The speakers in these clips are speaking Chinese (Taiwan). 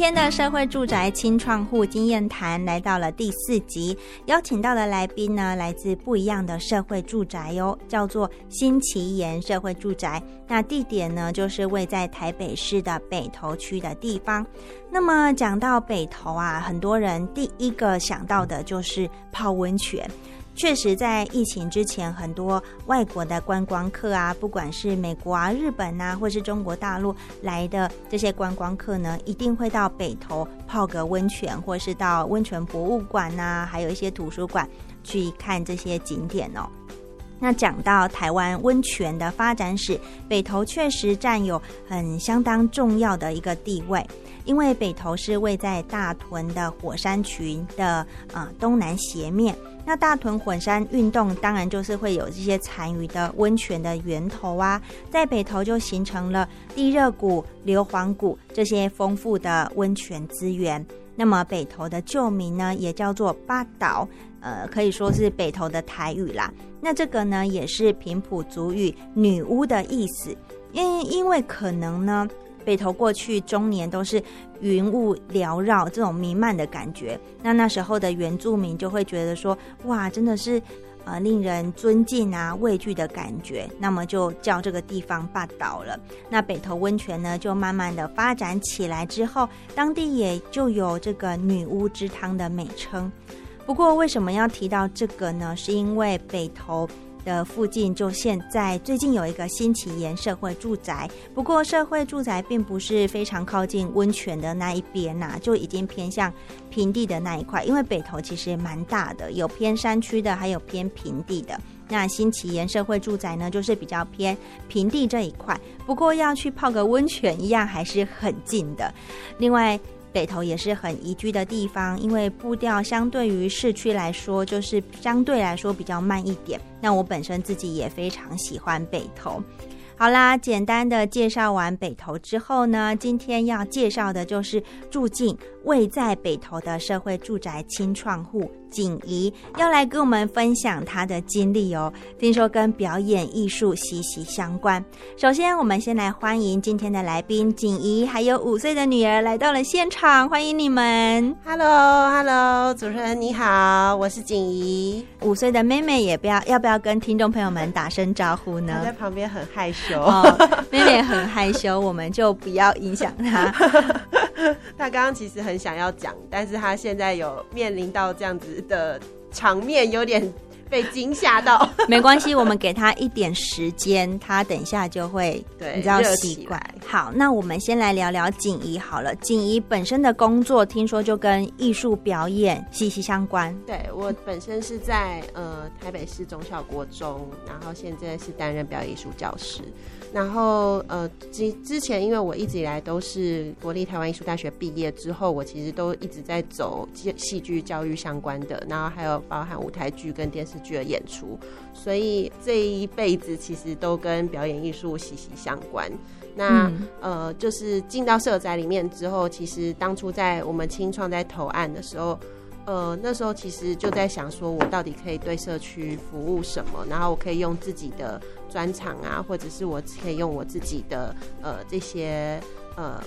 今天的社會住宅青創戶經驗談，來到了第四集，邀請到的來賓呢，來自不一樣的社會住宅喲、哦，叫做新奇岩社會住宅。那地點呢，就是位在台北市的北投區的地方。那麼講到北投啊，很多人第一個想到的就是泡溫泉。確實，在疫情之前，很多外國的觀光客啊，不管是美國啊、日本啊，或是中國大陸來的這些觀光客呢，一定會到北投泡個溫泉，或是到溫泉博物館吶、啊，還有一些圖書館去看這些景點哦。那講到台灣溫泉的發展史，北投確實占有很相當重要的一個地位。因為北投是位在大屯的火山群的呃東南斜面，那大屯火山運動當然就是會有這些殘餘的溫泉的源頭啊，在北投就形成了地熱谷、硫磺谷這些豐富的溫泉資源。那麼北投的舊名呢，也叫做八島，呃，可以說是北投的台語啦。那這個呢，也是平埔族語“女巫”的意思，因為因為可能呢。北投過去終年都是雲霧繚繞這種彌漫的感覺，那那時候的原住民就會覺得說，哇，真的是呃令人尊敬啊、畏懼的感覺，那麼就叫這個地方霸道了。那北投溫泉呢，就慢慢的發展起來之後，當地也就有這個女巫之湯的美稱。不過為什麼要提到這個呢？是因為北投。的附近就現在最近有一個新奇岩社會住宅，不過社會住宅並不是非常靠近溫泉的那一邊吶、啊，就已經偏向平地的那一塊。因為北投其實蠻大的，有偏山區的，還有偏平地的。那新奇岩社會住宅呢，就是比較偏平地這一塊，不過要去泡個溫泉一樣還是很近的。另外。北投也是很宜居的地方，因為步調相對於市區來說，就是相對來說比較慢一點。那我本身自己也非常喜歡北投。好啦，簡單的介紹完北投之後呢，今天要介紹的就是住進。位在北投的社會住宅青創戶景怡要來跟我們分享她的經歷哦，聽說跟表演藝術息息相關。首先，我們先來歡迎今天的來賓景怡，還有五歲的女兒來到了現場，歡迎你們！Hello，Hello，hello, 主持人你好，我是景怡。五歲的妹妹也不要要不要跟聽眾朋友們打聲招呼呢？我在旁邊很害羞，哦、妹妹很害羞， 我們就不要影響她。 他剛剛其實很想要講，但是他現在有面臨到這樣子的場面，有點被驚嚇到。 沒關係，我們給他一點時間，他等一下就會，對，比較奇怪。好，那我們先來聊聊景怡好了。景怡本身的工作，聽說就跟藝術表演息息相關。對，我本身是在呃台北市中小國中，然後現在是擔任表演藝術教師。然後，呃，之之前，因為我一直以來都是國立臺灣藝術大學畢業之後，我其實都一直在走戲劇教育相關的，然後還有包含舞台劇跟電視劇的演出，所以這一輩子其實都跟表演藝術息息相關。那、嗯、呃，就是進到社宅裡面之後，其實當初在我們青創在投案的時候，呃，那時候其實就在想說，我到底可以對社區服務什麼，然後我可以用自己的。專場啊，或者是我可以用我自己的呃這些呃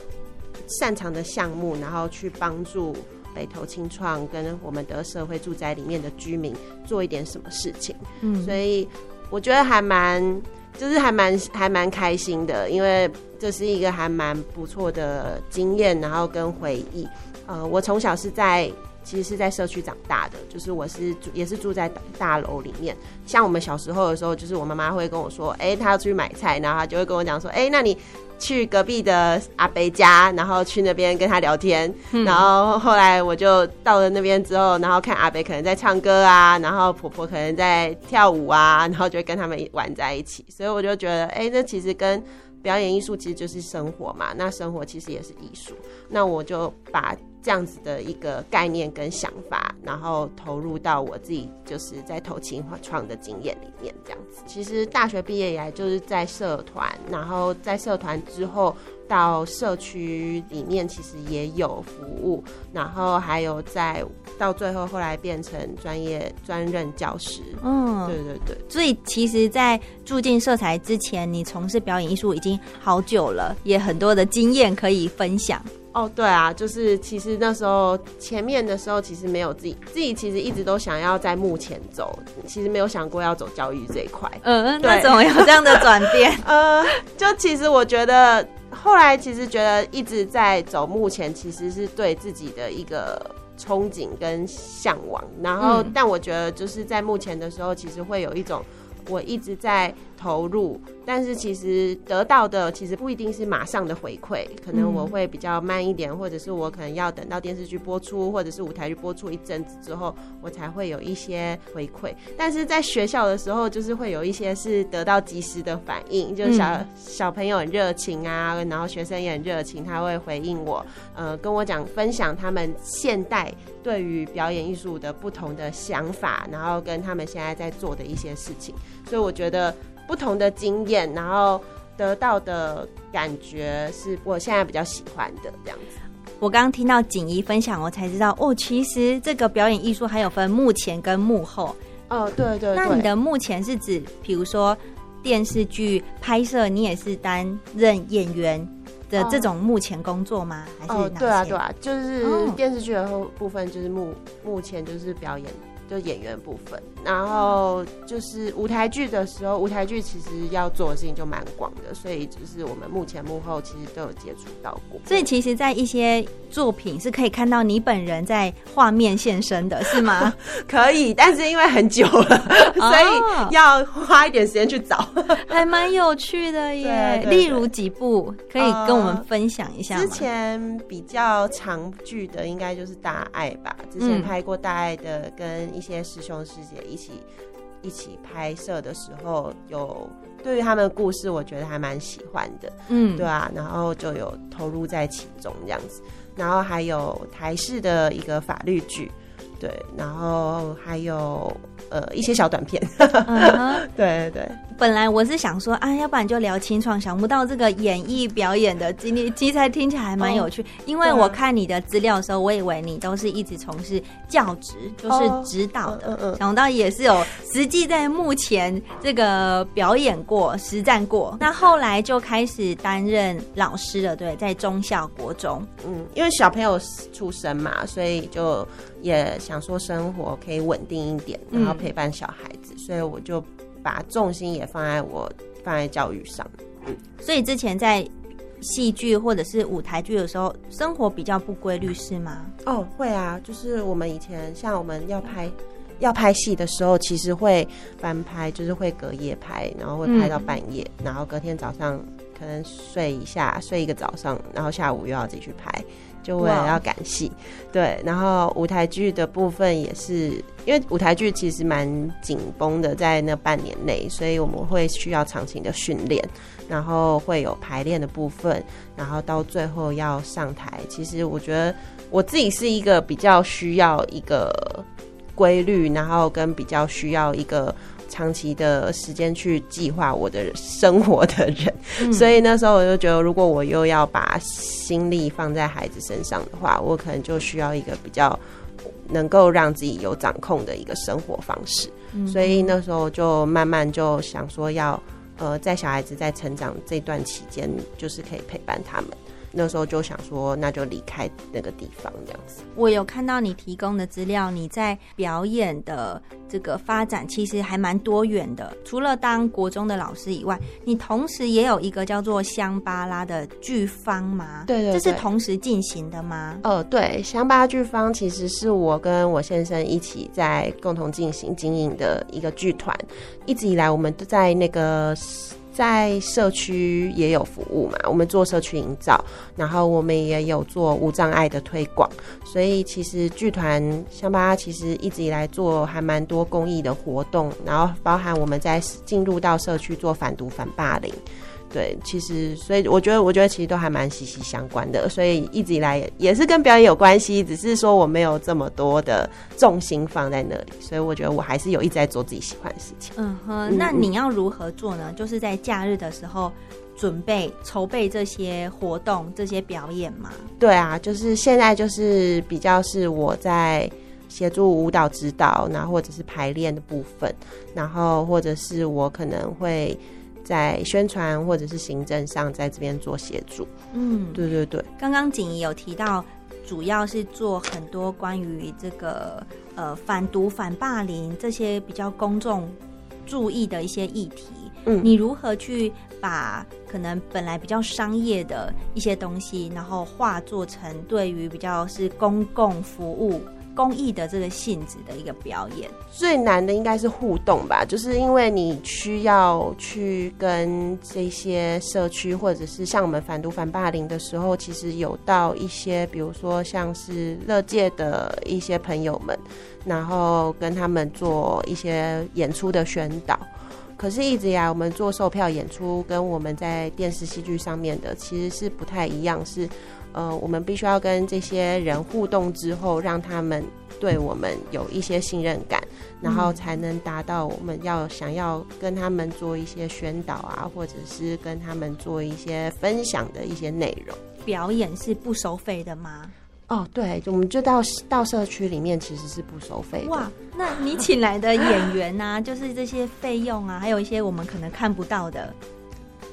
擅長的項目，然後去幫助北投青創跟我們的社會住宅裡面的居民做一點什麼事情。嗯，所以我覺得還蠻，就是還蠻還蠻開心的，因為這是一個還蠻不錯的經驗，然後跟回憶。呃，我從小是在。其實是在社區長大的，就是我是住也是住在大樓裡面。像我們小時候的時候，就是我媽媽會跟我說：“欸，她要出去買菜，然後她就會跟我講說：‘欸，那你去隔壁的阿伯家，然後去那邊跟他聊天。’然後後來我就到了那邊之後，然後看阿伯可能在唱歌啊，然後婆婆可能在跳舞啊，然後就會跟他們玩在一起。所以我就覺得，欸，那其實跟表演藝術其實就是生活嘛。那生活其實也是藝術。那我就把。這樣子的一個概念跟想法，然後投入到我自己就是在投青創的經驗裡面。這樣子，其實大學畢業以來就是在社團，然後在社團之後到社區裡面，其實也有服務，然後還有在到最後後來變成專業專任教師。嗯，對對對。所以其實，在住進社宅之前，你從事表演藝術已經好久了，也很多的經驗可以分享。哦，oh, 對啊，就是其實那時候前面的時候，其實沒有自己自己，其實一直都想要在幕前走，其實沒有想過要走教育這一塊。嗯、呃，對那怎麼有這樣的轉變？ 呃，就其實我覺得後來其實覺得一直在走幕前，其實是對自己的一個憧憬跟嚮往。然後，嗯、但我覺得就是在幕前的時候，其實會有一種我一直在。投入，但是其實得到的其實不一定是馬上的回饋，可能我會比較慢一點，或者是我可能要等到電視劇播出，或者是舞台劇播出一陣子之後，我才會有一些回饋。但是在學校的時候，就是會有一些是得到及時的反應，就是小小朋友很熱情啊，然後學生也很熱情，他會回應我，呃，跟我講分享他們現代對於表演藝術的不同的想法，然後跟他們現在在做的一些事情，所以我覺得。不同的經驗，然後得到的感覺是我現在比較喜歡的這樣子。我剛剛聽到景怡分享，我才知道哦，其實這個表演藝術還有分幕前跟幕後。哦，對對，對，對、嗯。那你的幕前是指，比如說電視劇拍攝，你也是擔任演員的這種幕前工作嗎？哦、還是哪、哦？對啊對啊，就是電視劇的後部分，就是幕幕、嗯、前，就是表演，就演員部分。然後就是舞台劇的時候，舞台劇其實要做的事情就蠻廣的，所以就是我們幕前幕後其實都有接觸到過。所以其實，在一些作品是可以看到你本人在畫面現身的，是嗎？哦，可以，但是因為很久了，哦、所以要花一點時間去找，還蠻有趣的耶。例如幾部，可以跟我們分享一下嗎？之前比較長劇的，應該就是《大愛》吧。之前拍過《大愛》的，跟一些師兄、嗯、師姐。一起一起拍攝的時候，有對於他們的故事，我覺得還蠻喜歡的，嗯，對啊，然後就有投入在其中這樣子，然後還有台式的一個法律劇，對，然後還有呃一些小短片， uh huh. 對，對對。本來我是想說啊，要不然就聊青創，想不到這個演藝表演的經歷，其實聽起來還蠻有趣。哦、因為我看你的資料的時候，我以為你都是一直從事教職，就是指導的。哦嗯嗯嗯、想不到也是有實際在目前這個表演過、實戰過。嗯、那後來就開始擔任老師了，對，在中校、國中。嗯，因為小朋友出生嘛，所以就也想說生活可以穩定一點，然後陪伴小孩子，嗯、所以我就。把重心也放在我放在教育上，嗯，所以之前在戲劇或者是舞台劇的時候，生活比較不規律是嗎？哦，會啊，就是我們以前像我們要拍要拍戲的時候，其實會翻拍，就是會隔夜拍，然後會拍到半夜，嗯，然後隔天早上可能睡一下，睡一個早上，然後下午又要自己去拍，就會要趕戲，哇對，然後舞台劇的部分也是。因為舞台劇其實蠻緊繃的，在那半年內，所以我們會需要長期的訓練，然後會有排練的部分，然後到最後要上台。其實我覺得我自己是一個比較需要一個規律，然後跟比較需要一個長期的時間去計劃我的生活的人。嗯。所以那時候我就覺得，如果我又要把心力放在孩子身上的話，我可能就需要一個比較。能夠讓自己有掌控的一個生活方式，嗯哼，所以那時候就慢慢就想說要，呃，在小孩子在成長這段期間，就是可以陪伴他們。那時候就想說，那就離開那個地方這樣子。我有看到你提供的資料，你在表演的這個發展其實還蠻多元的。除了當國中的老師以外，你同時也有一個叫做香巴拉的劇坊嗎？對，對，對。這是同時進行的嗎？哦、呃，對，香巴拉劇坊其實是我跟我先生一起在共同進行經營的一個劇團。一直以來，我們都在那個。在社區也有服務嘛，我們做社區營造，然後我們也有做無障礙的推廣，所以其實劇團香巴拉其實一直以來做還蠻多公益的活動，然後包含我們在進入到社區做反毒、反霸凌。對，其實所以我覺得，我覺得其實都還蠻息息相關的。所以一直以來也，也是跟表演有關係，只是說我沒有這麼多的重心放在那裡。所以我覺得我還是有一直在做自己喜歡的事情。嗯哼，那你要如何做呢？嗯，就是在假日的時候準備籌備這些活動、這些表演嗎？對啊，就是現在就是比較是我在協助舞蹈指導，然後或者是排練的部分，然後或者是我可能會。在宣傳或者是行政上，在這邊做協助。嗯，對對對。剛剛景怡有提到，主要是做很多關於這個呃反毒、反霸凌這些比較公眾注意的一些議題。嗯，你如何去把可能本來比較商業的一些東西，然後化作成對於比較是公共服務？公益的這個性質的一個表演，最難的應該是互動吧，就是因為你需要去跟這些社區，或者是像我們反毒反霸凌的時候，其實有到一些，比如說像是樂界的一些朋友們，然後跟他們做一些演出的宣導。可是，一直呀，我們做售票演出跟我們在電視戲劇上面的其實是不太一樣，是。呃，我們必須要跟這些人互動之後，讓他們對我們有一些信任感，然後才能達到我們要想要跟他們做一些宣導啊，或者是跟他們做一些分享的一些內容。表演是不收費的嗎？哦，對，我們就到到社區裡面其實是不收費。哇，那你請來的演員呢、啊？ 就是這些費用啊，還有一些我們可能看不到的。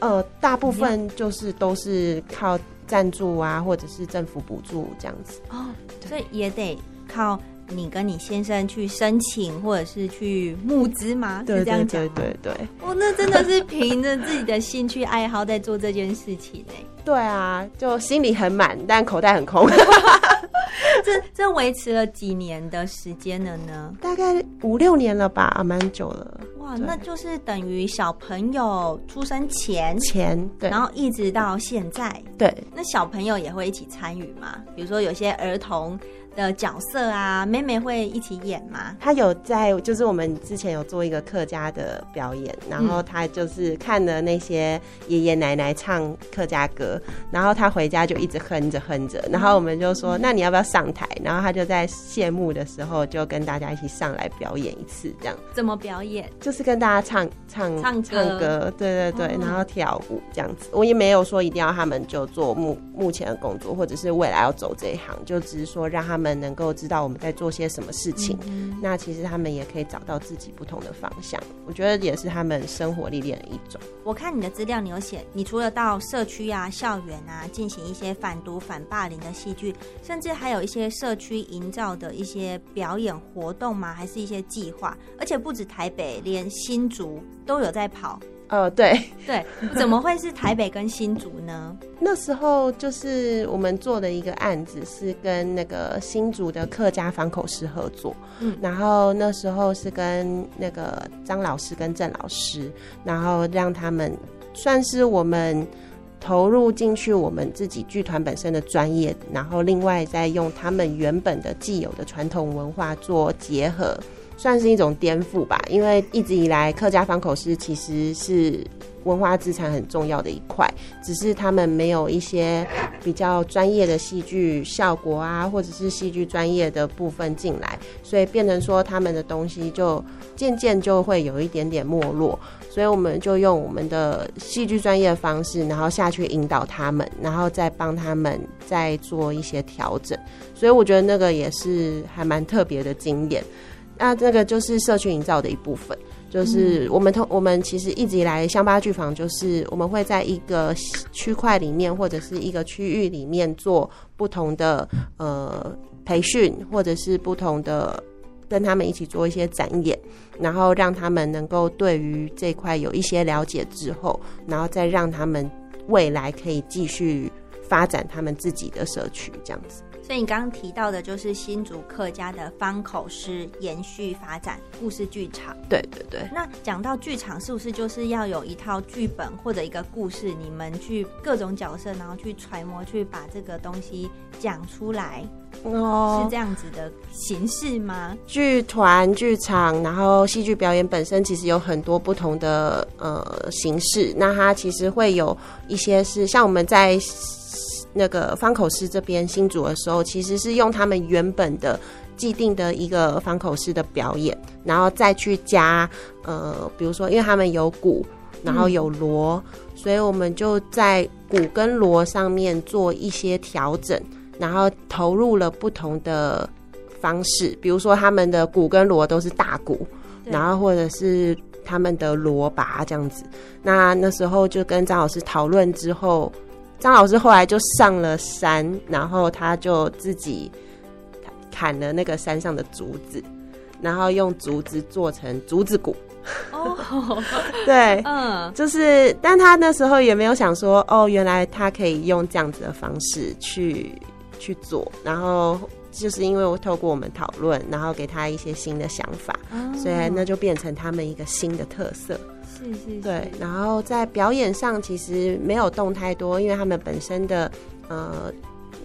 呃，大部分就是都是靠。贊助啊，或者是政府補助這樣子哦，對所以也得靠你跟你先生去申請，或者是去募資嗎？是這樣講，對對對，對。哦，那真的是憑着自己的興趣 愛好在做這件事情呢、欸。對啊，就心裡很滿，但口袋很空。 這維持了幾年的時間了呢？嗯，大概五六年了吧，啊，蠻久了。哇，對。那就是等於小朋友出生前前，對，然後一直到現在。對，對，那小朋友也會一起參與嗎？比如說有些兒童。的角色啊，妹妹會一起演嗎？她有在，就是我們之前有做一個客家的表演，然後她就是看了那些爺爺奶奶唱客家歌，然後她回家就一直哼着哼着，然後我們就說，嗯，那你要不要上台？然後她就在謝幕的時候就跟大家一起上來表演一次，這樣。怎麼表演？就是跟大家唱唱唱歌，唱歌，對對對，哼哼，然後跳舞這樣子。我也沒有說一定要他們就做目目前的工作，或者是未來要走這一行，就只是說讓他們。們能夠知道我們在做些什麼事情，嗯嗯，那其實他們也可以找到自己不同的方向。我覺得也是他們生活歷練的一種。我看你的資料，你有寫，你除了到社區啊、校園啊進行一些反毒、反霸凌的戲劇，甚至還有一些社區營造的一些表演活動嗎？還是一些計劃？而且不止台北，連新竹都有在跑。呃、哦，對對，怎麼會是台北跟新竹呢？ 那時候就是我們做的一個案子，是跟那個新竹的客家方口獅合作，嗯，然後那時候是跟那個張老師跟鄭老師，然後讓他們算是我們投入進去我們自己劇團本身的專業，然後另外再用他們原本的既有的傳統文化做結合。算是一種顛覆吧，因為一直以來客家方口詩其實是文化資產很重要的一塊，只是他們沒有一些比較專業的戲劇效果啊，或者是戲劇專業的部分進來，所以變成說他們的東西就漸漸就會有一點點沒落。所以我們就用我們的戲劇專業的方式，然後下去引導他們，然後再幫他們再做一些調整。所以我覺得那個也是還蠻特別的經驗。那、啊、這個就是社區營造的一部分，就是我們，通我們其實一直以來，香巴拉劇坊就是我們會在一個區塊裡面或者是一個區域裡面做不同的呃培訓，或者是不同的跟他們一起做一些展演，然後讓他們能夠對於這塊有一些了解之後，然後再讓他們未來可以繼續發展他們自己的社區，這樣子。所以你剛剛提到的，就是新竹客家的方口詩延續發展故事劇場。對對對。那講到劇場，是不是就是要有一套劇本或者一個故事，你們去各種角色，然後去揣摩，去把這個東西講出來？哦，oh, 是這樣子的形式嗎？劇團劇場，然後戲劇表演本身其實有很多不同的呃形式。那它其實會有一些是像我們在。那個方口師這邊新組的時候，其實是用他們原本的既定的一個方口師的表演，然後再去加呃，比如說，因為他們有鼓，然後有鑼，嗯、所以我們就在鼓跟鑼上面做一些調整，然後投入了不同的方式，比如說他們的鼓跟鑼都是大鼓，對然後或者是他們的鑼鈸這樣子。那那時候就跟張老師討論之後。張老師後來就上了山，然後他就自己砍了那個山上的竹子，然後用竹子做成竹子鼓。哦， 對，嗯，就是，但他那時候也沒有想說，哦，原來他可以用這樣子的方式去去做。然後就是因為我透過我們討論，然後給他一些新的想法，所以那就變成他們一個新的特色。是是是對，然後在表演上其實沒有動太多，因為他們本身的，呃，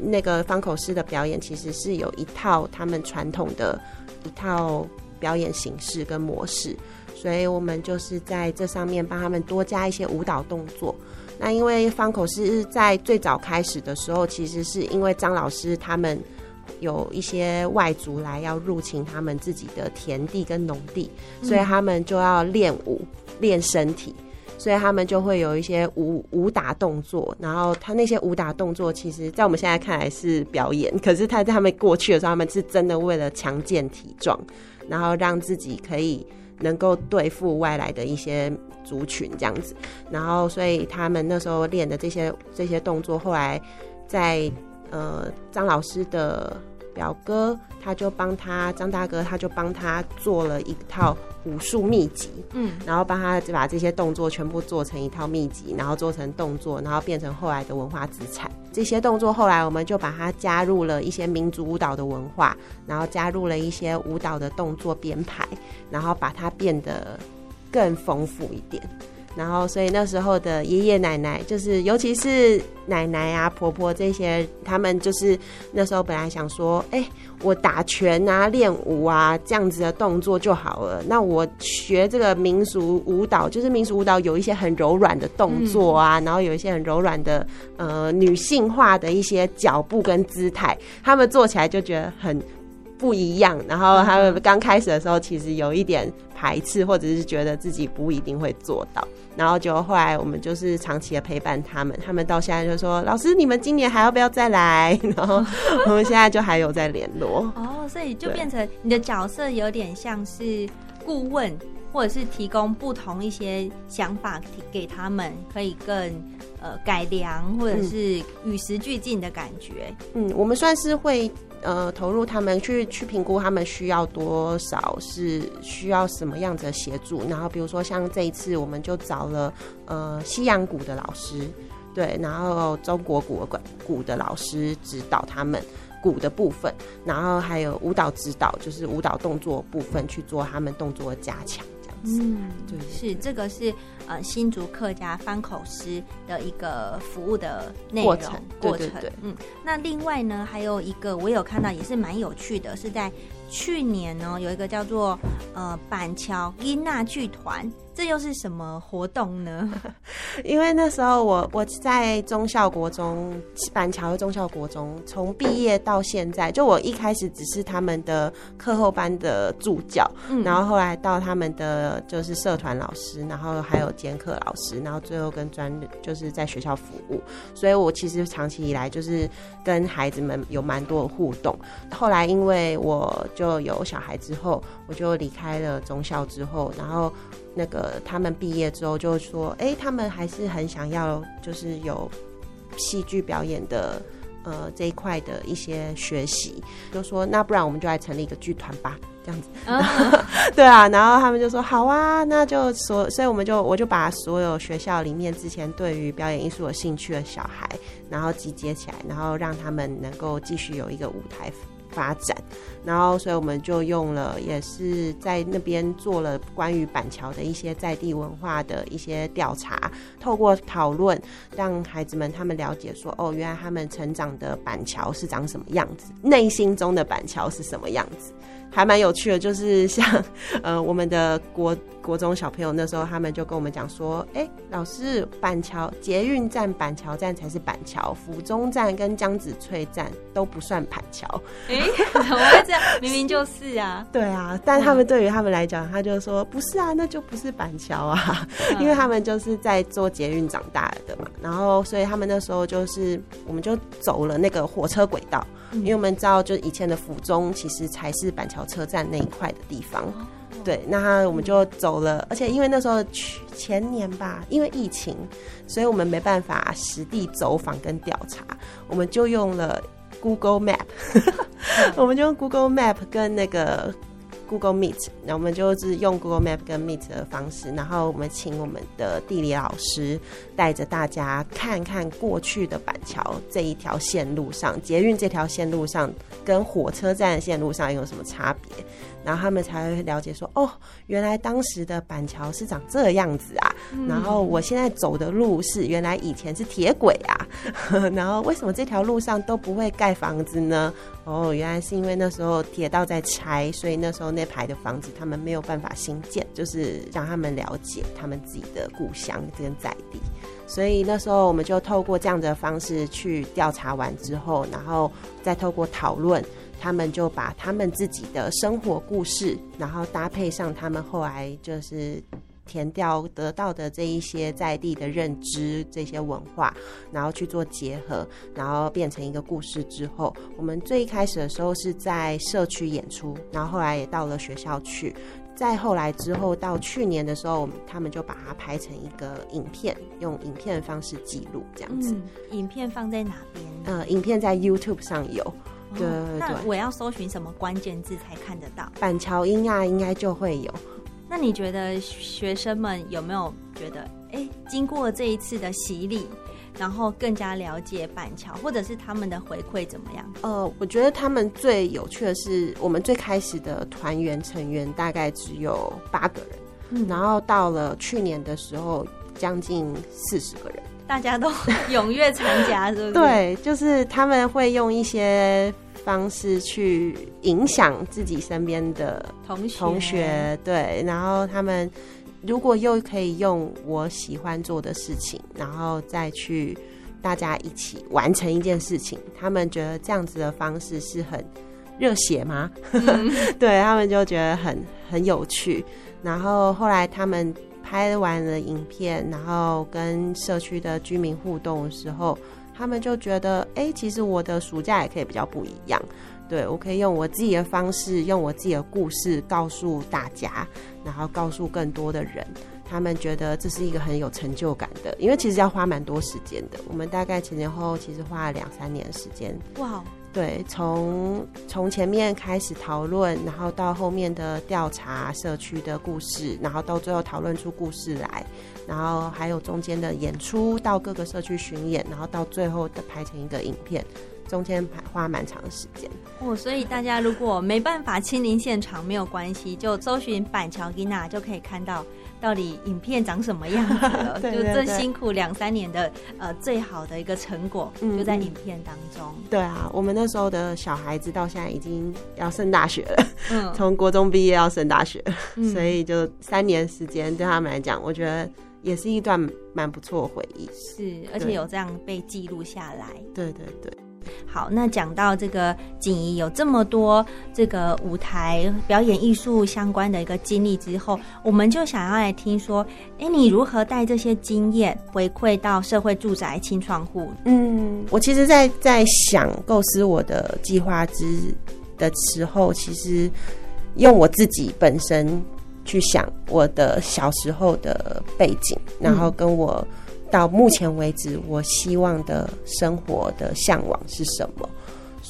那個方口獅的表演其實是有一套他們傳統的一套表演形式跟模式，所以我們就是在這上面幫他們多加一些舞蹈動作。那因為方口獅在最早開始的時候，其實是因為張老師他們。有一些外族來要入侵他們自己的田地跟農地，所以他們就要練武練身體，所以他們就會有一些武武打動作。然後他那些武打動作，其實在我們現在看來是表演，可是他在他們過去的時候，他們是真的為了強健體壯，然後讓自己可以能夠對付外來的一些族群這樣子。然後，所以他們那時候練的這些這些動作，後來在。呃，張老師的表哥，他就幫他，張大哥，他就幫他做了一套武術秘籍，嗯，然後幫他把這些動作全部做成一套秘籍，然後做成動作，然後變成後來的文化資產。這些動作後來我們就把它加入了一些民族舞蹈的文化，然後加入了一些舞蹈的動作編排，然後把它變得更豐富一點。然後，所以那時候的爺爺奶奶，就是尤其是奶奶啊、婆婆這些，他們就是那時候本來想說，哎、欸，我打拳啊、練舞啊這樣子的動作就好了。那我學這個民俗舞蹈，就是民俗舞蹈有一些很柔軟的動作啊，嗯、然後有一些很柔軟的呃女性化的一些腳步跟姿態，他們做起來就覺得很不一樣。然後他們剛開始的時候，其實有一點。一次，或者是覺得自己不一定會做到，然後就後來我們就是長期的陪伴他們，他們到現在就說：“老師，你們今年還要不要再來？” 然後我們現在就還有在聯絡。 哦，所以就變成你的角色有點像是顧問，或者是提供不同一些想法給他們，可以更。呃，改良或者是與時俱進的感覺。嗯，我們算是會呃投入他們去去評估他們需要多少，是需要什麼樣子的協助。然後比如說像這一次，我們就找了呃西洋鼓的老師，對，然後中國鼓、管鼓的老師指導他們鼓的部分，然後還有舞蹈指導，就是舞蹈動作部分去做他們動作的加強。嗯，對，是這個是呃新竹客家方口師的一個服務的內容過程，過程。嗯，那另外呢，還有一個我有看到也是蠻有趣的，是在去年呢有一個叫做呃板橋伊娜劇團。這又是什麼活動呢？因為那時候我我在忠孝國中板橋的忠孝國中，從畢業到現在，就我一開始只是他們的課後班的助教，嗯、然後後來到他們的就是社團老師，然後還有兼課老師，然後最後跟專就是在學校服務，所以我其實長期以來就是跟孩子們有蠻多的互動。後來因為我就有小孩之後，我就離開了忠孝之後，然後。那個他們畢業之後就說，哎，他們還是很想要，就是有戲劇表演的，呃，這一塊的一些學習，就說那不然我們就來成立一個劇團吧，這樣子。Uh uh. 對啊，然後他們就說好啊，那就所，所以我們就我就把所有學校裡面之前對於表演藝術有興趣的小孩，然後集結起來，然後讓他們能夠繼續有一個舞台。發展，然後所以我們就用了，也是在那邊做了關於板橋的一些在地文化的一些調查，透過討論讓孩子們他們了解說，哦，原來他們成長的板橋是長什麼樣子，內心中的板橋是什麼樣子，還蠻有趣的，就是像呃我們的國。國中小朋友那時候，他們就跟我們講說：“哎、欸，老師，板橋捷運站板橋站才是板橋，府中站跟江子翠站都不算板橋。”哎、欸，怎麼會這樣？ 明明就是啊！對啊，但他們對於他們來講，他就說：“嗯、不是啊，那就不是板橋啊！”嗯、因為他們就是在坐捷運長大的嘛，然後所以他們那時候就是，我們就走了那個火車軌道，嗯、因為我們知道，就以前的府中其實才是板橋車站那一塊的地方。哦對，那他我們就走了，嗯、而且因為那時候前年吧，因為疫情，所以我們沒辦法實地走訪跟調查，我們就用了 Google Map， 嗯、我們就用 Google Map 跟那個 Google Meet，那我們就是用 Google Map 跟 Meet 的方式，然後我們請我們的地理老師帶着大家看看過去的板橋這一條線路上，捷運這條線路上跟火車站的線路上有什麼差別。然後他們才會了解說，哦，原來當時的板橋是長這樣子啊。然後我現在走的路是原來以前是鐵軌啊。然後為什麼這條路上都不會蓋房子呢？哦，原來是因為那時候鐵道在拆，所以那時候那排的房子他們沒有辦法新建，就是讓他們了解他們自己的故鄉跟在地。所以那時候我們就透過這樣的方式去調查完之後，然後再透過討論。他們就把他們自己的生活故事，然後搭配上他們後來就是田調得到的這一些在地的認知、這些文化，然後去做結合，然後變成一個故事之後，我們最一開始的時候是在社區演出，然後後來也到了學校去，再後來之後到去年的時候，我們他們就把它拍成一個影片，用影片方式記錄這樣子。嗯，影片放在哪邊？呃，影片在 YouTube 上有。嗯、對，對，對，那我要搜尋什麼關鍵字才看得到？板橋音啊，應該就會有。那你覺得學生們有沒有覺得，哎、欸，經過這一次的洗禮，然後更加了解板橋，或者是他們的回饋怎麼樣？呃，我覺得他們最有趣的是，我們最開始的團員成員大概只有八個人，嗯、然後到了去年的時候，將近四十個人，大家都踊躍參加， 是不是？對，就是他們會用一些。方式去影響自己身邊的同學，同學對，然後他們如果又可以用我喜歡做的事情，然後再去大家一起完成一件事情，他們覺得這樣子的方式是很熱血嗎？嗯、 對，他們就覺得很很有趣。然後後來他們拍完了影片，然後跟社區的居民互動的時候。他們就覺得，哎、欸，其實我的暑假也可以比較不一樣，對，我可以用我自己的方式，用我自己的故事告訴大家，然後告訴更多的人。他們覺得這是一個很有成就感的，因為其實要花蠻多時間的。我們大概前前後後其實花了兩三年的時間，哇。Wow. 對，從從前面開始討論，然後到後面的調查社區的故事，然後到最後討論出故事來，然後還有中間的演出，到各個社區巡演，然後到最後的拍成一個影片，中間排花蠻長時間。哦，所以大家如果沒辦法親臨現場，沒有關係，就搜尋板橋 Gina 就可以看到。到底影片長什麼樣？ 對對對，就最辛苦兩三年的呃，最好的一個成果就在影片當中，嗯。對啊，我們那時候的小孩子到現在已經要升大學了，嗯、從國中畢業要升大學了，嗯、所以就三年時間對他們來講，我覺得也是一段蠻不錯的回憶。是，而且有這樣被記錄下來。對，對對對。好，那講到這個景怡有這麼多這個舞台表演藝術相關的一個經歷之後，我們就想要來聽說，哎，你如何帶這些經驗回饋到社會住宅青創戶？嗯，我其實在，在在想構思我的計劃之的時候，其實用我自己本身去想我的小時候的背景，然後跟我、嗯。到目前為止，我希望的生活的嚮往是什麼？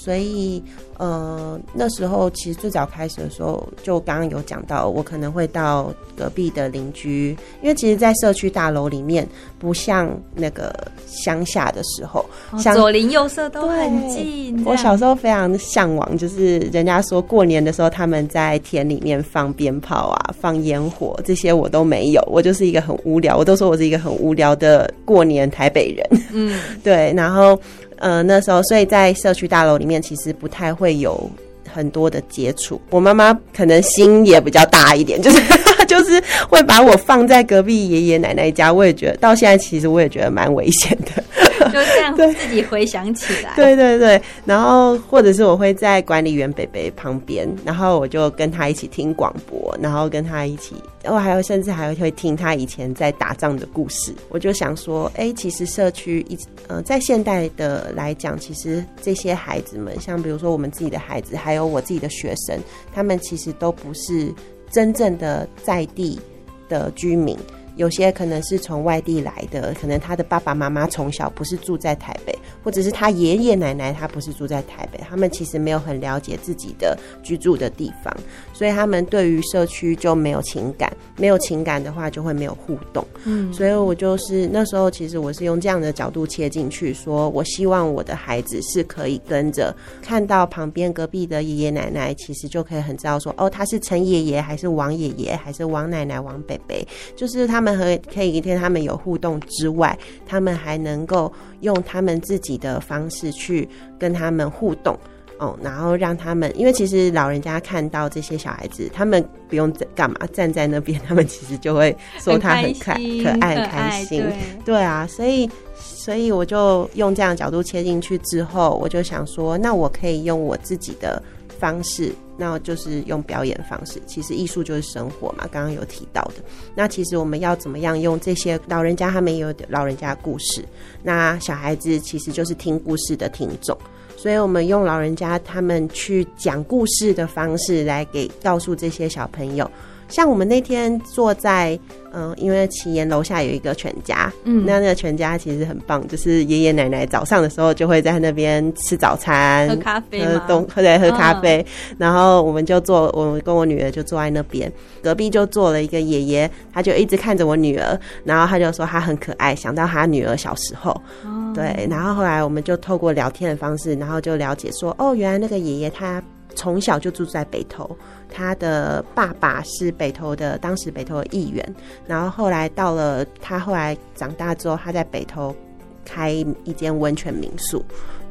所以，呃，那時候其實最早開始的時候，就剛剛有講到，我可能會到隔壁的鄰居，因為其實，在社區大樓裡面，不像那個鄉下的時候，哦、左鄰右舍都很近。對對我小時候非常嚮往，就是人家說過年的時候，他們在田裡面放鞭炮啊，放煙火，這些我都沒有。我就是一個很無聊，我都說我是一個很無聊的過年台北人。嗯， 對，然後。呃，那時候，所以在社區大樓裡面，其實不太會有很多的接觸。我媽媽可能心也比較大一點，就是 就是會把我放在隔壁爺爺奶奶家。我也覺得，到現在其實我也覺得蠻危險的。 就這樣自己回想起來 對，對對對，然後或者是我會在管理員北北旁邊，然後我就跟他一起聽廣播，然後跟他一起，我還有甚至還會聽他以前在打仗的故事。我就想說，哎，其實社區一嗯、呃，在現代的來講，其實這些孩子們，像比如說我們自己的孩子，還有我自己的學生，他們其實都不是真正的在地的居民。有些可能是從外地來的，可能他的爸爸媽媽從小不是住在台北，或者是他爺爺奶奶他不是住在台北，他們其實沒有很了解自己的居住的地方，所以他們對於社區就沒有情感，沒有情感的話就會沒有互動。嗯，所以我就是那時候，其實我是用這樣的角度切進去，說我希望我的孩子是可以跟着看到旁邊隔壁的爺爺奶奶，其實就可以很知道說，哦，他是陳爺爺還是王爺爺，還是王奶奶、王伯伯，就是他們。他們和可以跟他們有互動之外，他們還能夠用他們自己的方式去跟他們互動哦，嗯，然後讓他們，因為其實老人家看到這些小孩子，他們不用在幹嘛，站在那邊，他們其實就會說他很可愛、很開心，很對啊，所以所以我就用這樣角度切進去之後，我就想說，那我可以用我自己的方式。那就是用表演方式，其實藝術就是生活嘛。剛剛有提到的，那其實我們要怎麼樣用這些老人家，他們也有老人家的故事，那小孩子其實就是聽故事的聽眾，所以我們用老人家他們去講故事的方式來給告訴這些小朋友。像我們那天坐在，嗯、呃，因為奇岩樓下有一個全家，嗯，那那個全家其實很棒，就是爺爺奶奶早上的時候就會在那邊吃早餐、喝咖啡、呃、東對、喝咖啡。哦、然後我們就坐，我跟我女兒就坐在那邊，隔壁就坐了一個爺爺，他就一直看着我女兒，然後他就說他很可愛，想到他女兒小時候，哦、對。然後後來我們就透過聊天的方式，然後就了解說，哦，原來那個爺爺他。從小就住在北投，他的爸爸是北投的，當時北投的議員，然後後來到了，他後來長大之後，他在北投開一間溫泉民宿。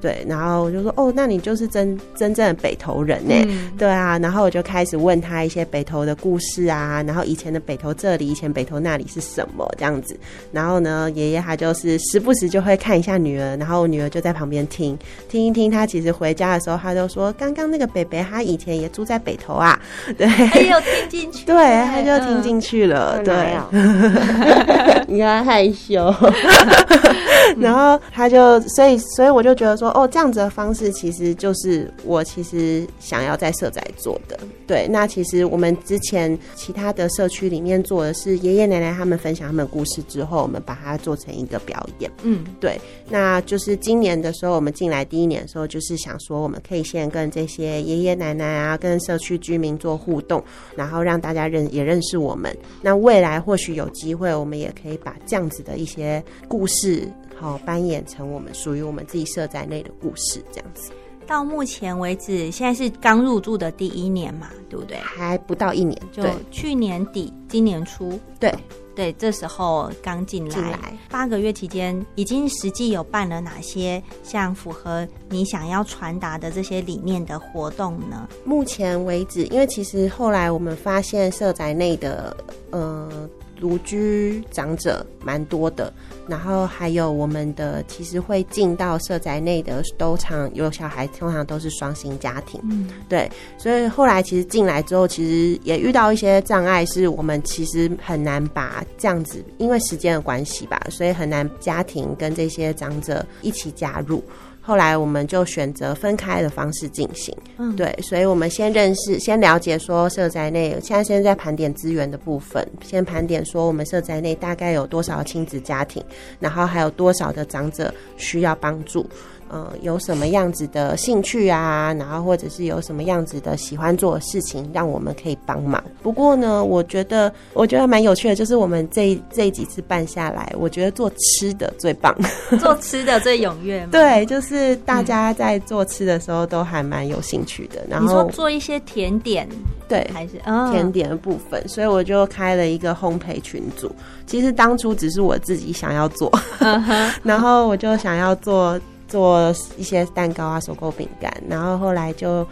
對，然後我就說，哦，那你就是真真正的北投人呢。嗯、對啊，然後我就開始問他一些北投的故事啊，然後以前的北投這裡，以前北投那裡是什麼這樣子。然後呢，爺爺他就是時不時就會看一下女兒，然後女兒就在旁邊聽聽一聽。他其實回家的時候，他就說：“剛剛那個北北，他以前也住在北投啊。”對，他又、哎、聽進去，對，他就聽進去了。呃、對，啊、 你看他害羞。 然後他就，所以，所以我就覺得說。哦，這樣子的方式其實就是我其實想要在社宅做的。對，那其實我們之前其他的社區裡面做的是爺爺奶奶他們分享他們的故事之後，我們把它做成一個表演。嗯，對。那就是今年的時候，我們進來第一年的時候，就是想說我們可以先跟這些爺爺奶奶啊，跟社區居民做互動，然後讓大家認也認識我們。那未來或許有機會，我們也可以把這樣子的一些故事。好，扮演成我們屬於我們自己社宅內的故事這樣子。到目前為止，現在是剛入住的第一年嘛，對不對？還不到一年，對，去年底，對，今年初，對對，這時候剛進來。來八個月期間，已經實際有辦了哪些像符合你想要傳達的這些理念的活動呢？目前為止，因為其實後來我們發現社宅內的，呃……獨居長者蠻多的，然後還有我們的其實會進到社宅內的都常有小孩，通常都是雙薪家庭，嗯、對，所以後來其實進來之後，其實也遇到一些障礙，是我們其實很難把這樣子，因為時間的關係吧，所以很難家庭跟這些長者一起加入。後來我們就選擇分開的方式進行，嗯、對，所以，我們先認識，先了解說，社宅內現在，先在盤點資源的部分，先盤點說我們社宅內大概有多少親子家庭，然後還有多少的長者需要幫助。嗯，有什麼樣子的興趣啊？然後或者是有什麼樣子的喜歡做的事情，讓我們可以幫忙。不過呢，我覺得我覺得蠻有趣的，就是我們這這幾次辦下來，我覺得做吃的最棒，做吃的最踴躍嘛。 對，就是大家在做吃的時候都還蠻有興趣的。嗯，然後你說做一些甜點，對，還是甜點的部分，所以我就開了一個烘焙群組。其實當初只是我自己想要做，uh huh. 然後我就想要做。做一些蛋糕啊，手工餅乾，然後後來就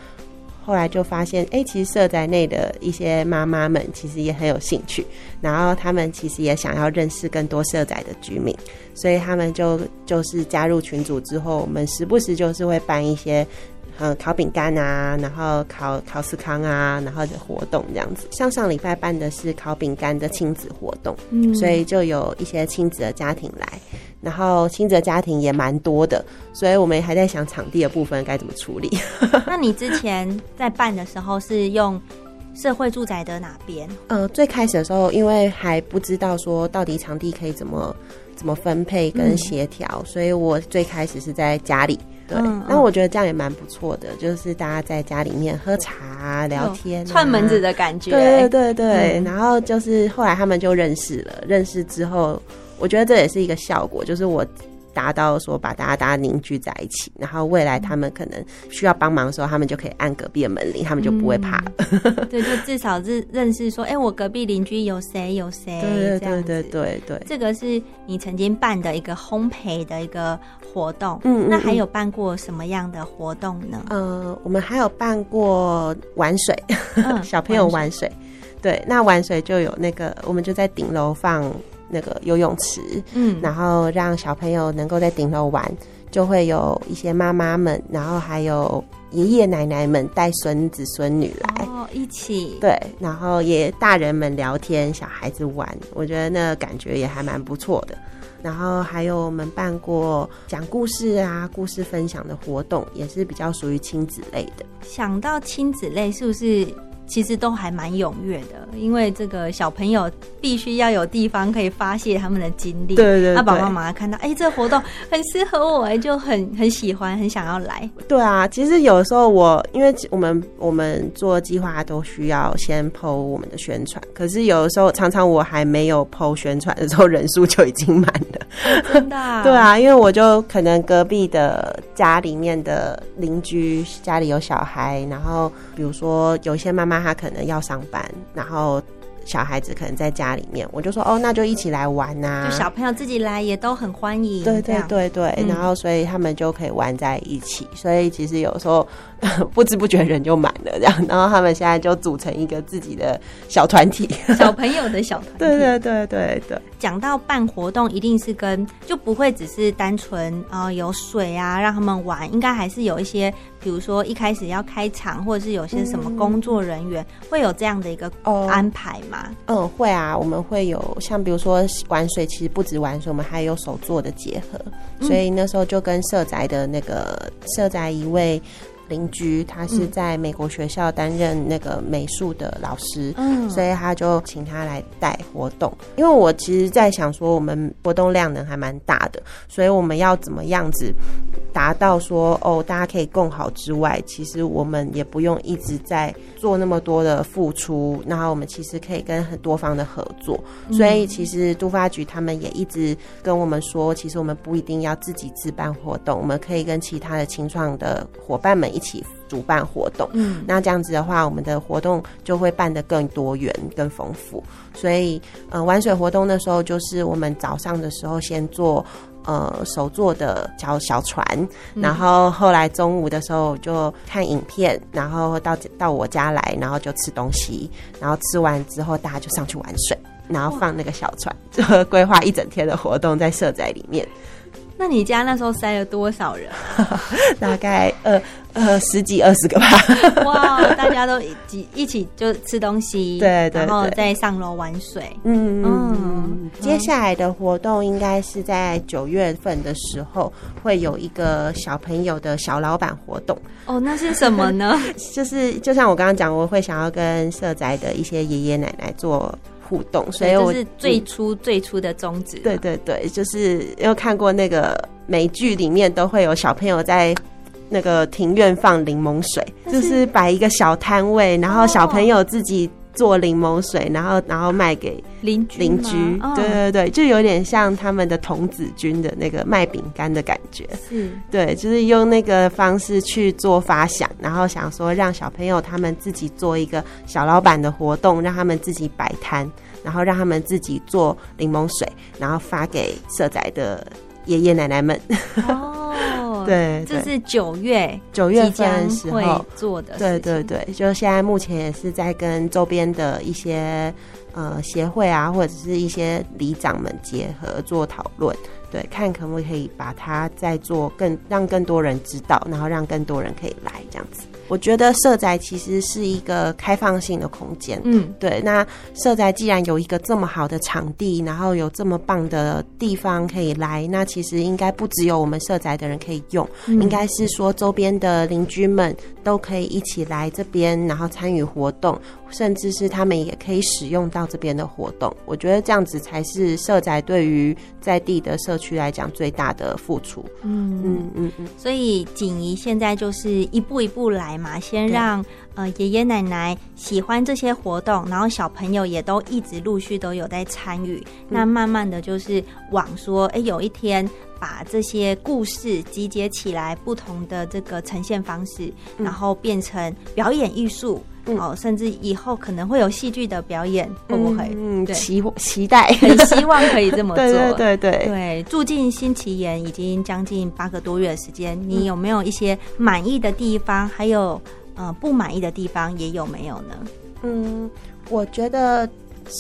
後來就發現，哎，其實社宅內的一些媽媽們其實也很有興趣，然後他們其實也想要認識更多社宅的居民，所以他們就就是加入群組之後，我們時不時就是會辦一些嗯烤餅乾啊，然後烤烤司康啊，然後的活動這樣子。像上禮拜辦的是烤餅乾的親子活動，嗯，所以就有一些親子的家庭來。然後親子家庭也蠻多的，所以我們還在想場地的部分該怎麼處理。 那你之前在辦的時候是用社會住宅的哪邊？呃，最開始的時候，因為還不知道說到底場地可以怎麼怎麼分配跟協調，嗯、所以我最開始是在家裡。對，嗯、那我覺得這樣也蠻不錯的，就是大家在家裡面喝茶、啊、聊天、啊哦，串門子的感覺。對對對，嗯、然後就是後來他們就認識了，認識之後。我覺得這也是一個效果，就是我達到說把大家大家凝聚在一起，然後未來他們可能需要幫忙的時候，他們就可以按隔壁的門鈴，他們就不會怕，嗯。對，就至少是認識說，哎、欸，我隔壁鄰居有誰有誰。對，對對對對對。這個是你曾經辦的一個烘焙的一個活動，嗯，嗯，嗯，那還有辦過什麼樣的活動呢？呃，我們還有辦過玩水，嗯、 小朋友玩水。嗯、玩水對，那玩水就有那個，我們就在頂樓放那個游泳池，嗯，然後讓小朋友能夠在頂樓玩，就會有一些媽媽們，然後還有爺爺奶奶們帶孫子孫女來，哦，一起對，然後也大人們聊天，小孩子玩，我覺得那感覺也還蠻不錯的。然後還有我們辦過講故事啊、故事分享的活動，也是比較屬於親子類的。想到親子類，是不是？其實都還蠻踴躍的，因為這個小朋友必須要有地方可以發洩他們的精力。對，對對，那、啊、爸爸媽媽看到，哎，這個、活動很適合我，哎，就很很喜歡，很想要來。對啊，其實有時候我，因為我們我們做計劃都需要先 PO 我們的宣傳，可是有的時候常常我還沒有 PO 宣傳的時候，人數就已經滿了。真的、啊？ 對啊，因為我就可能隔壁的家裡面的鄰居家裡有小孩，然後。比如說，有些媽媽她可能要上班，然後小孩子可能在家裡面，我就說哦，那就一起來玩吶，啊。就小朋友自己來也都很歡迎，對對對對。這樣。然後，所以他們就可以玩在一起。嗯，所以其實有時候呵呵不知不覺人就滿了這樣，然後他們現在就組成一個自己的小團體，小朋友的小團體。 對，對對對對對。講到辦活動，一定是跟就不會只是單純啊、呃、有水啊讓他們玩，應該還是有一些，比如說一開始要開場，或者是有些什麼工作人員、嗯、會有這樣的一個安排嘛、哦？嗯，會啊，我們會有像比如說玩水，其實不止玩水，我們還有手作的結合，所以那時候就跟社宅的那個社宅一位。鄰居他是在美國學校擔任那個美術的老師，嗯，所以他就請他來帶活動。因為我其實在想說，我們活動量能還蠻大的，所以我們要怎麼樣子達到說，哦，大家可以共好之外，其實我們也不用一直在。做那麼多的付出，然後我們其實可以跟很多方的合作，嗯、所以其實都發局他們也一直跟我們說，其實我們不一定要自己自辦活動，我們可以跟其他的青創的夥伴們一起主辦活動。嗯，那這樣子的話，我們的活動就會辦得更多元、更豐富。所以，呃，玩水活動的時候，就是我們早上的時候先做。呃，手做的小小船，嗯、然後後來中午的時候就看影片，然後到到我家來，然後就吃東西，然後吃完之後大家就上去玩水，然後放那個小船，就規劃一整天的活動在社宅裡面。那你家那時候塞了多少人？ 大概呃呃十幾二十個吧。哇 ，wow, 大家都一起一起就吃東西， 對，對，對，然後再上樓玩水。嗯嗯，嗯嗯，接下來的活動應該是在九月份的時候會有一個小朋友的小老闆活動。哦，那是什麼呢？ 就是就像我剛剛講，我會想要跟社宅的一些爺爺奶奶做。互動，所以這是最初最初的宗旨啊。對對對，就是因為看過那個美劇，裡面都會有小朋友在那個庭院放檸檬水，是就是擺一個小攤位，然後小朋友自己。哦做檸檬水，然後然後賣給鄰居，鄰居，oh. 對對對，就有點像他們的童子軍的那個賣餅乾的感覺。嗯是，對，就是用那個方式去做發想，然後想說讓小朋友他們自己做一個小老闆的活動，讓他們自己擺攤，然後讓他們自己做檸檬水，然後發給社宅的爺爺奶奶們。哦。Oh. 對，這是九月九月份的時候做的。對對對，就現在目前也是在跟周邊的一些呃協會啊，或者是一些里長們結合做討論，對，看可不可以把它再做更，讓更多人知道，然後讓更多人可以來這樣子。我覺得社宅其實是一個開放性的空間，嗯，對。那社宅既然有一個這麼好的場地，然後有這麼棒的地方可以來，那其實應該不只有我們社宅的人可以用，嗯，應該是說周邊的鄰居們都可以一起來這邊，然後參與活動。甚至是他們也可以使用到這邊的活動，我覺得這樣子才是社宅對於在地的社區來講最大的付出。嗯嗯嗯嗯。嗯，所以景怡現在就是一步一步來嘛，先讓對呃爺爺奶奶喜歡這些活動，然後小朋友也都一直陸續都有在參與。嗯、那慢慢的就是往說，哎、欸，有一天把這些故事集結起來，不同的這個呈現方式，嗯、然後變成表演藝術。哦，甚至以後可能會有戲劇的表演，嗯、會不會？嗯期，期對期待， 很希望可以這麼做。對對對對，對，住進新奇岩已經將近八個多月的時間，你有沒有一些滿意的地方？嗯、還有、呃，不滿意的地方也有沒有呢？嗯，我覺得。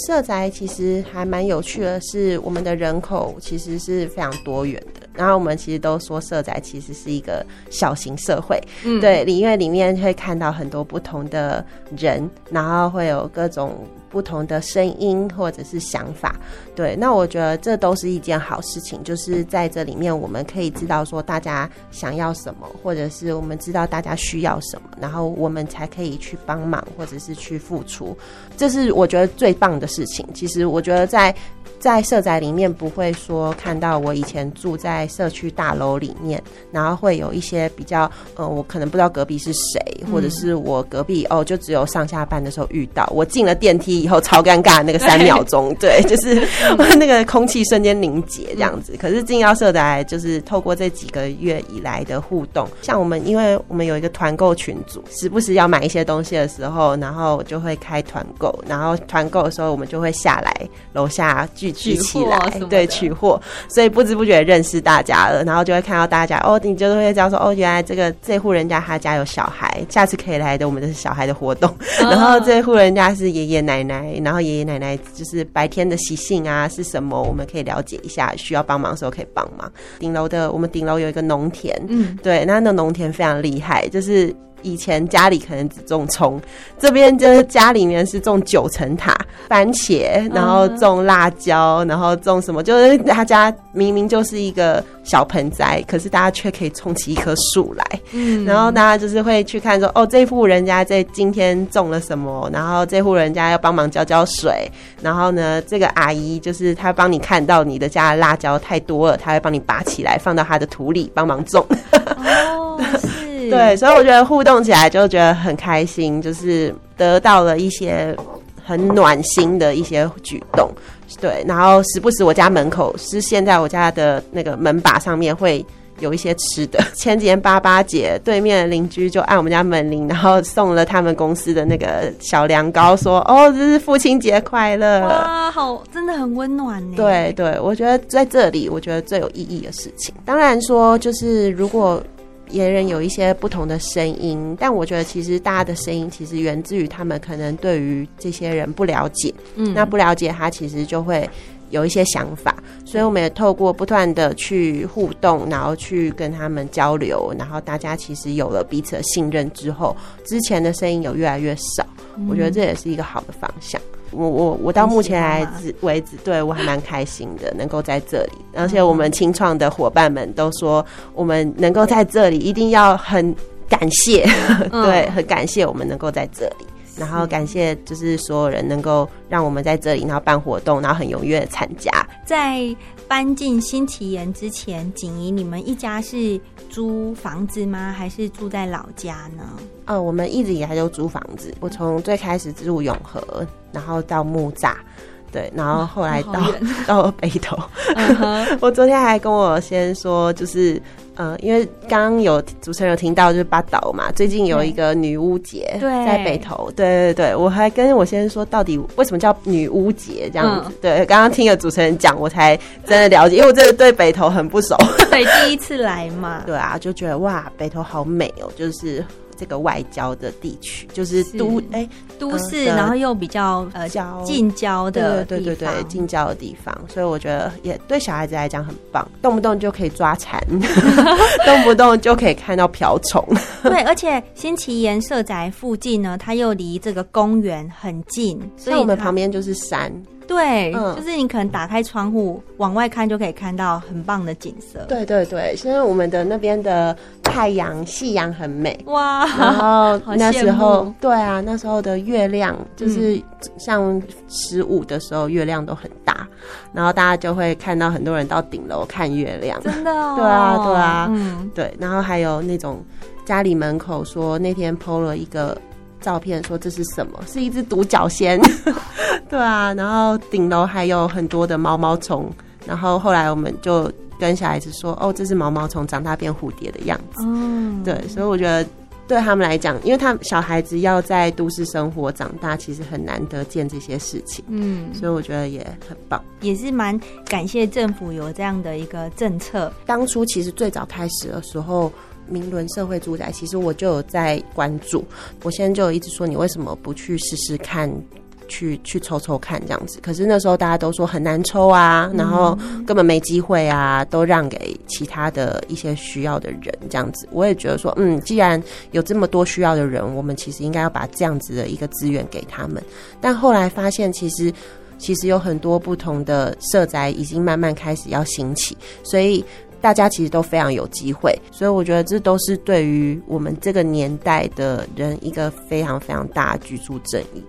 社宅其實還蠻有趣的是我們的人口其實是非常多元的。然後我們其實都說社宅其實是一個小型社會，嗯、對，因為裡面會看到很多不同的人，然後會有各種。不同的聲音或者是想法，對，那我覺得這都是一件好事情。就是在這裡面，我們可以知道說大家想要什麼，或者是我們知道大家需要什麼，然後我們才可以去幫忙或者是去付出。這是我覺得最棒的事情。其實我覺得在在社宅裡面不會說看到我以前住在社區大樓裡面，然後會有一些比較，嗯、呃，我可能不知道隔壁是誰，或者是我隔壁、嗯、哦，就只有上下班的時候遇到，我進了電梯。以後超尷尬那個三秒鐘，對，對，就是那個空氣瞬間凝結這樣子。嗯、可是進到社宅以來，就是透過這幾個月以來的互動，像我們，因為我們有一個團購群組，時不時要買一些東西的時候，然後就會開團購，然後團購的時候，我們就會下來樓下聚聚起來，啊、對，取貨。所以不知不覺認識大家了，然後就會看到大家哦，你就會這樣說哦，原來這個這戶人家他家有小孩，下次可以來的，我們就是小孩的活動。啊、然後這戶人家是爺爺奶奶。然後爺爺奶奶就是白天的習性啊是什麼，我們可以了解一下，需要幫忙的時候可以幫忙。頂樓的，我們頂樓有一個農田，嗯，對，那那農田非常厲害，就是。以前家裡可能只種蔥，這邊就是家裡面是種九層塔、番茄，然後種辣椒，然後種什麼？Uh-huh. 然後種什麼就是大家明明就是一個小盆栽，可是大家卻可以種起一棵樹來。嗯、然後大家就是會去看說，哦，這戶人家在今天種了什麼？然後這戶人家要幫忙澆澆水。然後呢，這個阿姨就是她幫你看到你的家的辣椒太多了，她會幫你拔起來放到她的土裡幫忙種。哦、 Oh, 是。對，所以我覺得互動起來就覺得很開心，就是得到了一些很暖心的一些舉動。對，然後時不時我家門口是現在我家的那個門把上面會有一些吃的。前幾天八八節，對面的鄰居就按我們家門鈴，然後送了他們公司的那個小涼糕，說：“哦，這是父親節快樂。”哇，好，真的很溫暖呢。對對，我覺得在這裡，我覺得最有意義的事情，當然說就是如果。別人有一些不同的聲音，但我覺得其實大家的聲音其實源自於他們可能對於這些人不了解，嗯，那不了解他其實就會有一些想法，所以我們也透過不斷的去互動，然後去跟他們交流，然後大家其實有了彼此的信任之後，之前的聲音有越來越少，我覺得這也是一個好的方向。我我我到目前來為止，啊、對我還蠻開心的， 能夠在這裡。而且我們青創的夥伴們都說，我們能夠在這裡，一定要很感謝，嗯、 對，很感謝我們能夠在這裡。然後感謝，就是所有人能夠讓我們在這裡，然後辦活動，然後很踴躍的參加。在搬進新奇岩之前，景怡，你們一家是租房子嗎？還是住在老家呢？呃、哦，我們一直以來都租房子。嗯、我從最開始住永和，然後到木柵，對，然後後來到、哦、到北投、 uh huh. 我昨天還跟我先說，就是。嗯，因為剛剛有主持人有聽到，就是八島嘛，最近有一個女巫節在北投，嗯、對，對對對，我還跟我先生說，到底為什麼叫女巫節這樣子？嗯、對，剛剛聽了主持人講，我才真的了解，因為我真的對北投很不熟，對，第一次來嘛， 對啊，就覺得哇，北投好美哦，就是。這個外交的地區，就是都是誒都市，呃、然後又比較呃郊交近郊的地方，對，對對對，近郊的地方，所以我覺得也對小孩子來講很棒，動不動就可以抓蟬， 動不動就可以看到瓢蟲。 對，而且新奇岩社宅附近呢，它又離這個公園很近，所以，所以我們旁邊就是山。嗯對，就是你可能打開窗戶往外看就可以看到很棒的景色。嗯、對對對，現在我們的那邊的太陽、夕陽很美哇。然後那時候，對啊，那時候的月亮就是像十五的時候月亮都很大，嗯、然後大家就會看到很多人到頂樓看月亮。真的、哦？對啊，對啊，嗯，對。然後還有那種家裡門口說那天拋了一個。照片說這是什麼？是一隻獨角仙， 對啊。然後頂樓還有很多的毛毛蟲。然後後來我們就跟小孩子說：“哦，這是毛毛蟲長大變蝴蝶的樣子。”哦，對，所以我覺得對他們來講，因為他們小孩子要在都市生活長大，其實很難得見這些事情。嗯，所以我覺得也很棒，也是蠻感謝政府有這樣的一個政策。當初其實最早開始的時候。名倫社會住宅，其實我就有在關注。我現在就一直說，你為什麼不去試試看，去去抽抽看這樣子。可是那時候大家都說很難抽啊，然後根本沒機會啊，都讓給其他的一些需要的人這樣子。我也覺得說，嗯，既然有這麼多需要的人，我們其實應該要把這樣子的一個資源給他們。但後來發現，其實其實有很多不同的社宅已經慢慢開始要興起，所以。大家其實都非常有機會，所以我覺得這都是對於我們這個年代的人一個非常非常大的居住正義。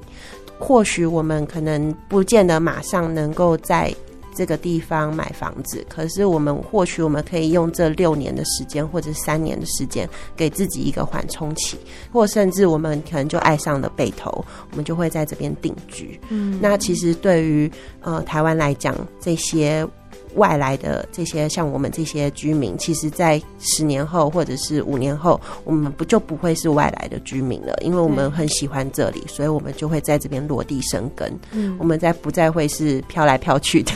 或許我們可能不見得馬上能夠在這個地方買房子，可是我們或許我們可以用這六年的時間或者三年的時間，給自己一個緩衝期，或甚至我們可能就愛上了北投，我們就會在這邊定居。嗯，那其實對於呃台灣來講，這些。外來的這些像我們這些居民，其實，在十年後或者是五年後，我們不就不會是外來的居民了？因為我們很喜歡這裡，所以我們就會在這邊落地生根。嗯，我們再不再會是飄來飄去的。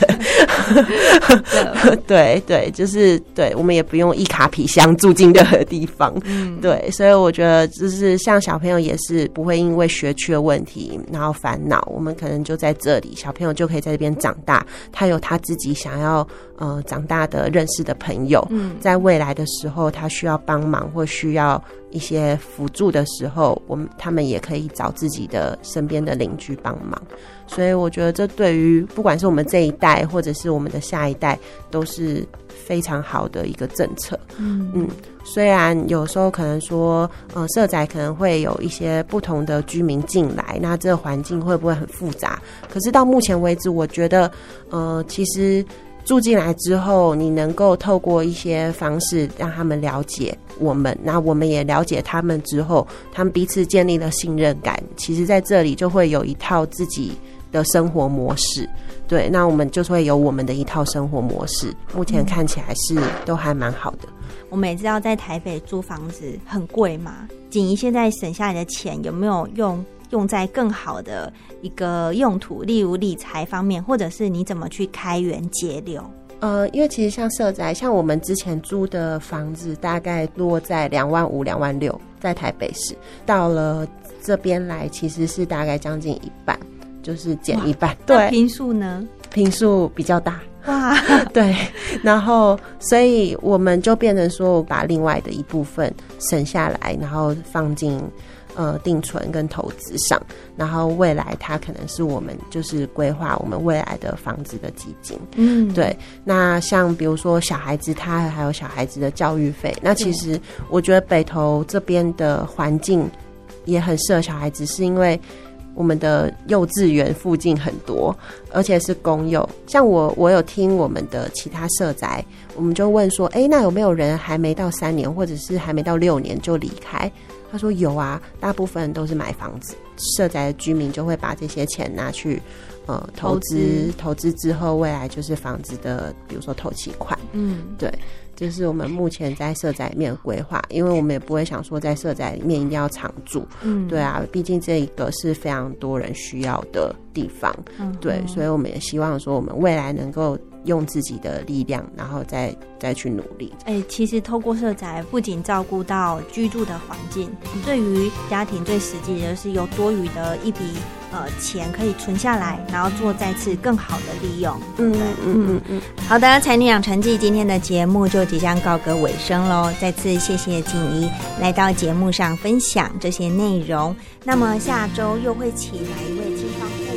對對，就是對，我們也不用一卡皮箱住進任何地方。對，所以我覺得，就是像小朋友也是不會因為學區的問題然後煩惱。我們可能就在這裡，小朋友就可以在這邊長大，他有他自己想要。呃，長大的認識的朋友，嗯，在未來的時候，他需要幫忙或需要一些輔助的時候，我們他們也可以找自己的身邊的鄰居幫忙。所以，我覺得這對於不管是我們這一代，或者是我們的下一代，都是非常好的一個政策。嗯，嗯，雖然有時候可能說，呃，社宅可能會有一些不同的居民進來，那這個環境會不會很複雜？可是到目前為止，我覺得，呃，其實。住進來之後，你能夠透過一些方式讓他們了解我們，那我們也了解他們之後，他們彼此建立了信任感。其實，在這裡就會有一套自己的生活模式。對，那我們就會有我們的一套生活模式。目前看起來是都還蠻好的。我每次要在台北租房子很貴嘛？景怡現在省下來的錢有沒有用？用在更好的一個用途，例如理財方面，或者是你怎麼去開源節流？呃，因為其實像社宅，像我們之前租的房子，大概落在兩萬五、兩萬六，在台北市。到了這邊來，其實是大概將近一半，就是減一半。哇對，坪數呢？坪數比較大。哇，對，然後所以我們就變成說，我把另外的一部分省下來，然後放進呃定存跟投資上，然後未來它可能是我們就是規劃我們未來的房子的基金。嗯，對。那像比如說小孩子，他還有小孩子的教育費，那其實我覺得北投這邊的環境也很適合小孩子，是因為。我們的幼稚園附近很多，而且是公幼。像我，我有聽我們的其他社宅，我們就問說，誒，那有沒有人還沒到三年，或者是還沒到六年就離開？他說有啊，大部分都是買房子，社宅的居民就會把這些錢拿去，呃，投資，投資之後未來就是房子的，比如說頭期款，嗯，對。就是我們目前在社宅裡面規劃，Okay. 因為我們也不會想說在社宅裡面一定要常住，嗯，對啊，畢竟這一個是非常多人需要的地方，嗯哼，對，所以我們也希望說我們未來能夠，用自己的力量，然後再再去努力。哎、欸，其實透過社宅，不僅照顧到居住的環境，對於家庭最實際的就是有多餘的一筆呃錢可以存下來，然後做再次更好的利用。對，嗯嗯嗯嗯。好的，財女養成記，今天的節目就即將告個尾聲嘍。再次謝謝景怡來到節目上分享這些內容。那麼下周又會請哪一位青創？